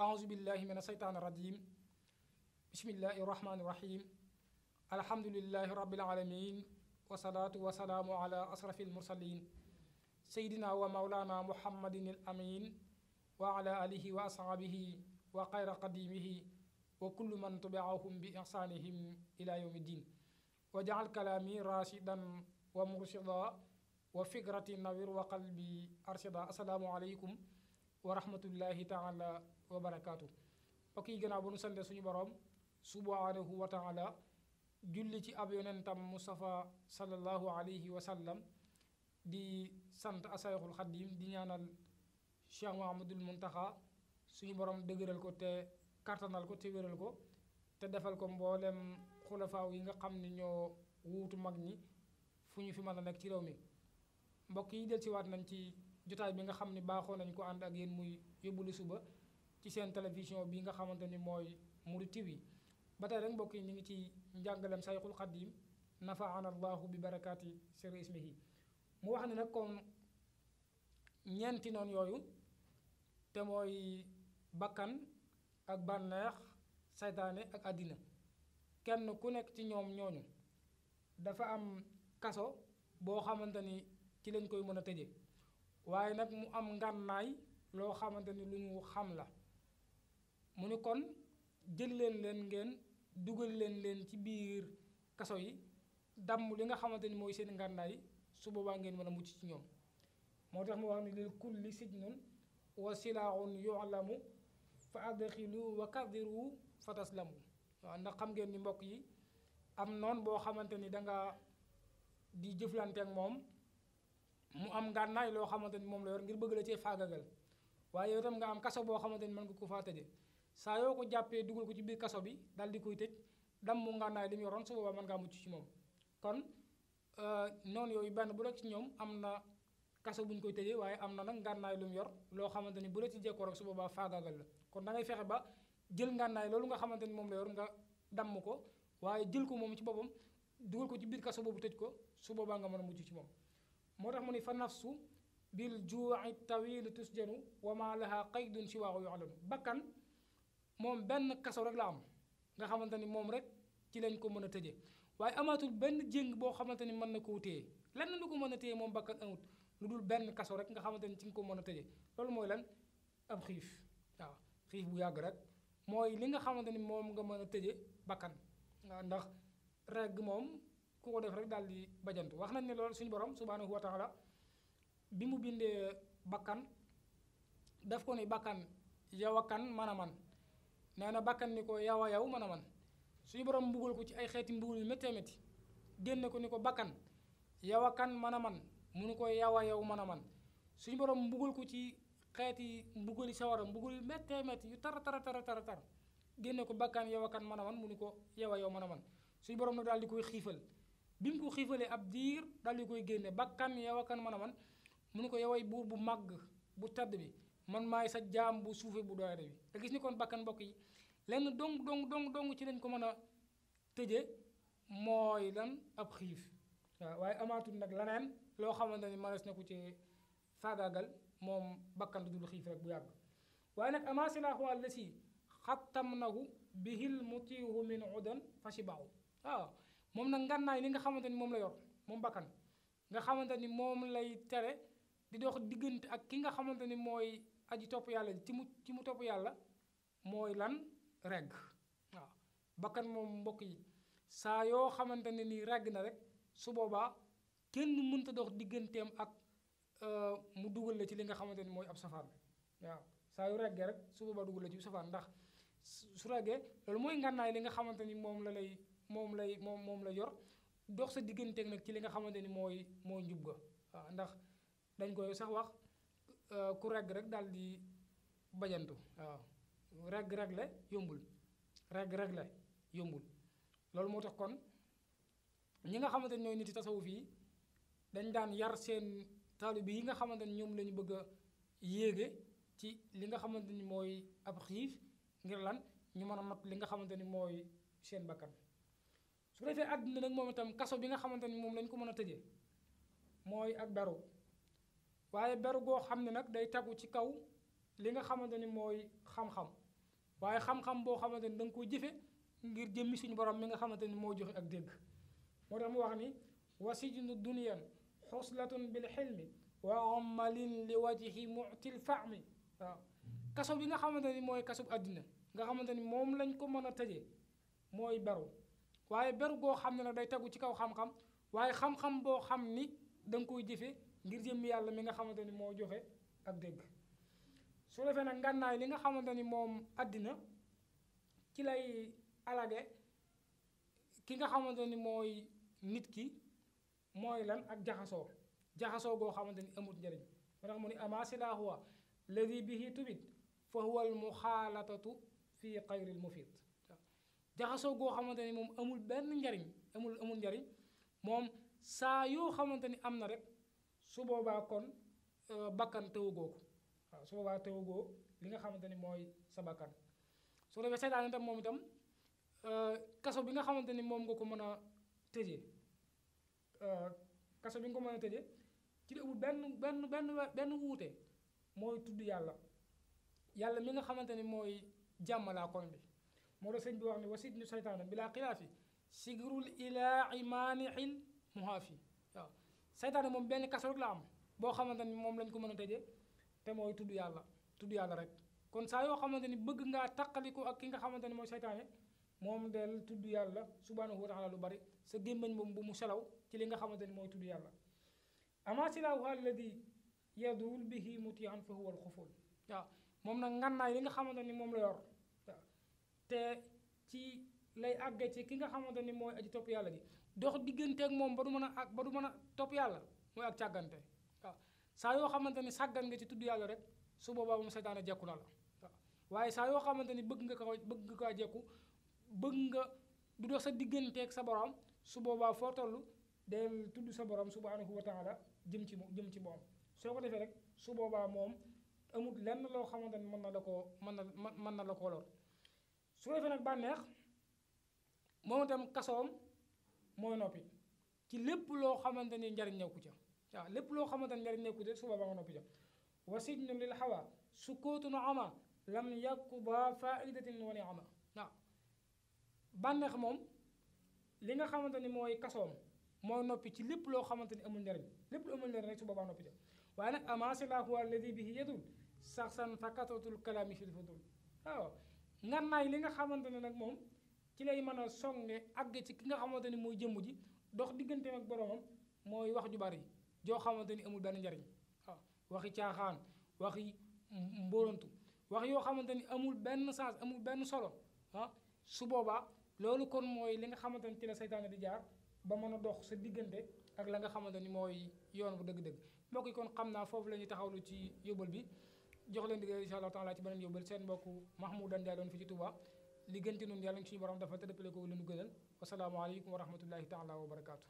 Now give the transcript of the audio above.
أعوذ بالله من الشيطان الرجيم بسم الله الرحمن الرحيم الحمد لله رب العالمين والصلاة والسلام على أشرف المرسلين سيدنا ومولانا محمد الأمين وعلى آله وأصحابه وخير قديمه وكل من تبعهم بإحسانهم إلى يوم الدين وجعل كلامي راشدا ومرشدا وفكرتي نوير وقلبي أرشدا السلام عليكم ورحمة الله تعالى wa barakaatu mbokk yi gannaaw ba nu sante suñu boroom subhaanahu wa taala julli ci ab yonentam Mustafa sallallahu alayhi wa sallam di sant asayxul xadim di ñaanal Cheikh Muhammadul muntaha suñu borom dëgëral ko te kartanal ko te wéral ko te defal ko mboolem xulafaaw yi nga xam ne ñoo wuutu mag ñi fu fi mën a ci réew mi mbokk yi del siwaat nañ ci jotaay bi nga xam ne nañ ko ànd ak yéen muy yóbbu suba ci seen télévision bi nga xamante ni mooy Mouride TV ba tey rek mbokk yi ñu ngi ci njàngaleem sayxul xadim nafaana allahu bi barakaati sirri ismihi mu wax ne nag comme ñeenti noonu yooyu te mooy bakkan ak bànneex saytaane ak àddina kenn ku nekk ci ñoom ñooñu dafa am kaso boo xamante ni ci lañ koy mën a tëje waaye nag mu am ngànnaay loo xamante ni lu ñu xam la mu ne kon jël leen leen ngeen dugal leen leen ci biir kaso yi damm li nga xamante ni mooy seen ngànnaay su boobaa ngeen mën a mucc ci ñoom moo tax mu wax ni lil kulli sijnun wa silaaxun yu'lamu fa adxilu wa kadiru fa taslamu waaw ndax xam ngeen ni mbokk yi am noon boo xamante ni danga di jëflante ak moom mu am ngànnaay loo xamante ni moom la yor ngir bëgg la cee faagagal waaye yow tam nga am kaso boo xamante ni mën nga ko faa tëje saa yoo ko jàppee dugal ko ci biir kaso bi dal di koy tëj dam mu ngànnaay li mu yoroon su boobaa mën ngaa mucc ci moom kon euh, noonu yooyu benn bu nekk ci ñoom am na kaso bu koy tëjee waaye am na nag ngànnaay lu mu yor loo xamante ni bu la ci jekkoo rek su boobaa faagaagal la kon da ngay fexe ba jël ngànnaay loolu nga xamante ni moom la yor nga damm ko waaye jël ko moom ci boppam dugal ko ci biir kaso boobu tëj ko su boobaa nga mën a mucc ci moom moo tax mu ni fa nafsu bil juu'i tawil tusjanu wa ma laha qaydun siwaahu bakkan moom benn kaso rek la am nga xamante ni moom rek ci lañ ko mën a tëje waaye amaatul benn jéng boo xamante ni mën na koo téye lenn lu ko mën a téye moom bakkan amut lu dul benn kaso rek nga xamante ni ci nga ko mën a tëjee loolu mooy lan ab xiif waaw xiif bu yàgg rek mooy li nga xamante ni moom nga mën a tëjee bakkan waaw ndax regg moom ku ko def rek daal di bajantu wax nañ ne loolu suñ borom subhaanahu wa taala bi mu bindee bakkan daf ko ni bakkan yow a man nee na bàkkan ni ko yow a yow mën a man suñu borom mbugal ko ci ay xeeti mbugal yu méttee génne ko ni ko bàkkan yow a kan mën a man munu ko yow yow mën a man suñu borom mbugal ko ci xeeti mbugali sawara mbugal yu méttee métti yu tara tara tara tara tar génne ko bakkan yow a kan mën a man munu ko yow a yow man suñu borom nag daal di koy xiifal bi mu ko xiifalee ab diir daal koy génne bakkan yow a kan mën a man munu ko yoway buur bu màgg bu tedd bi man maay sa jaam bu suufee bu doyade bi te gis ni kon bakkan mbokk yi lenn dong dong dong dong ci lañ ko mën a tëje mooy lan ab xiif waaye amaatul nag leneen loo xamante ni mënees na ko ci faagaagal moom bakkan du xiif bu yàgg waaye nag ama silaahu allasi xattamnahu bihil mutiihu min udan fashibahu waaw moom nag ngànnaay li nga xamante ni moom la yor moom bakkan nga xamante ni moom lay tere di dox diggante ak ki nga xamante ni mooy aji topi yalla ci mu ci mu top yalla moy lan reg waaw bakkan mom mbokk yi sa yo xamantene ni reg na rek su boba kenn mënta dox digëntem ak euh mu duggal la ci li nga xamantene moy ab safar waaw sa yu regge rek su boba duggal la ci safar ndax su regge lolu moy ngannay li nga xamantene mom la lay mom lay mom mom la yor dox sa digënté nak ci li nga xamantene moy moy njub ga ndax dañ koy sax wax Eh, ku reg rek dal di bajantu waaw reg reg la yombul reg reg la yombul lolou motax kon ñi nga xamanteni ñoy nit yi tasawuf dañ daan yar seen talib yi nga xamanteni ñom lañu bëgg yégué ci li nga xamanteni moy mooy ab xiif ngir lan ñu mëna a not li nga xamanteni moy seen bakkan su defee àdduna nak moom itam kaso bi nga xamanteni mom lañ ko mëna a moy ak daru waye beru go xamne nak day tegu ci kaw li nga xamanteni moy xam-xam waye xam-xam bo xamanteni dang ko nga koy jëfe ngir jëmmi suñu borom mi nga xamanteni mo joxe ak dégg moo tax mu wax ni wasijnu dunyan huslatun bil xilmi wa ammalin li wajhi mutil fahmi kasso bi nga xamanteni moy kasso kaso nga xamanteni mom lañ ko mëna a moy beru waye beru go xamne nak day tegu ci kaw xam-xam waye xam-xam bo xamni dang koy jëfe ngir jëm yàlla mi nga xamanteni ni moo joxe ak dégg su defe nag ngànnaay li nga xamanteni moom àddina ci lay alage ki nga xamanteni ni mooy nit ki mooy lan ak jaxasoo jaxasoo goo xamanteni amut njëriñ ma tax mu ni ama huwa ladi bihi tubit fa huwa al fi xayri l mufid jaxasoo goo xamanteni moom amul benn njariñ amul amul njariñ moom saa yoo xamanteni am na rek su boobaa kon euh, bakkan tëwugoo ko su boobaa tëwugoo li nga xamante ni mooy sa bakkan su defee seytaane itam moom itam euh, kaso bi nga xamante ni moom nga ko mën a tëjee euh, kaso bi nga ko mën a tëjee ci li amul benn benn benn benn wuute mooy tudd yàlla yàlla mi nga xamante ni mooy jàmmalaa koñ bi moo la sëñ bi wax ni wasit ñu seytaane bi laa xilaafi sigrul ilaa imaanixil muhaafi saytaane moom benn kaso rek la am boo xamante ni moom lañ ko mën a tëjee te mooy tudd yàlla tudd yàlla rek kon saa yoo xamante ni bëgg ngaa taqaliku ak ki nga xamante ni mooy saytaane moom del tudd yàlla subhanahu wa taala lu bari sa gémmañ moom bu mu selaw ci li nga xamante ni mooy tudd yàlla ama silaahu alladi yaduul bihi mutian fa huwa alxuful waaw moom nag ngannaay li nga xamante ni moom la yor te ci lay agge ci ki nga xamanteni moy aji top yalla gi dox diggante ak mom ba du mën a ak ba du mën a topp yàlla ak càggante sa yo xamanteni sagan nga ci tuddu yalla rek su boobaa moom setan jekku na la waye sa yo xamanteni bëgg nga ko bëgg nga kaa bëgg nga du dox sa ak sa borom su boobaa fo tollu del tuddu sa borom subhanahu wa taala jëm ci jëm ci mom soo ko defee rek su boobaa mom amut lenn lo xamanteni ni mën na la koo mën na mën na su defé nak banex moom itam kasoom mooy noppi ci lépp loo xamante ni njariñ nekku ca waaw lépp loo xamante ni njariñ nekku ca su boobaa nga noppi ca wa sijnu lil hawa sukuutun ama lam yakuba faidatin wa niama waaw bànneex moom li nga xamante ni mooy kasoom mooy noppi ci lépp loo xamante ni amul njariñ lépp lu amul njariñ rek su boobaa noppi ca waaye nag ama silaahu alladi bihi yadul saxsan fakatatul kalaami fi lfudul waaw ngannaay li nga xamante ne nag moom ci lay mën a songe àgg ci ki nga xamante ni mooy jëmm ji dox diggante ak boromam mooy wax ju bari joo xamante ni amul benn njariñ waaw waxi caaxaan waxi mbóorantu wax yoo xamante ni amul benn sens amul benn solo ah su boobaa loolu kon mooy li nga xamante ni ci la seytaane di jaar ba mën a dox sa diggante ak la nga xamante ni mooy yoon bu dëgg-dëgg mbokk yi kon xam naa foofu la ñuy taxawlu ci yóbbal bi jox leen digg incha allah taala ci beneen yóbbal seen mbokk Mahmoudane Ndiaye doon fi ci Touba. li gën ci noonu yàlla ñu suñu borom dafa te dëppale ko lu nu gënal wasalaamaaleykum wa rahmatullahi taala wa barakaatu.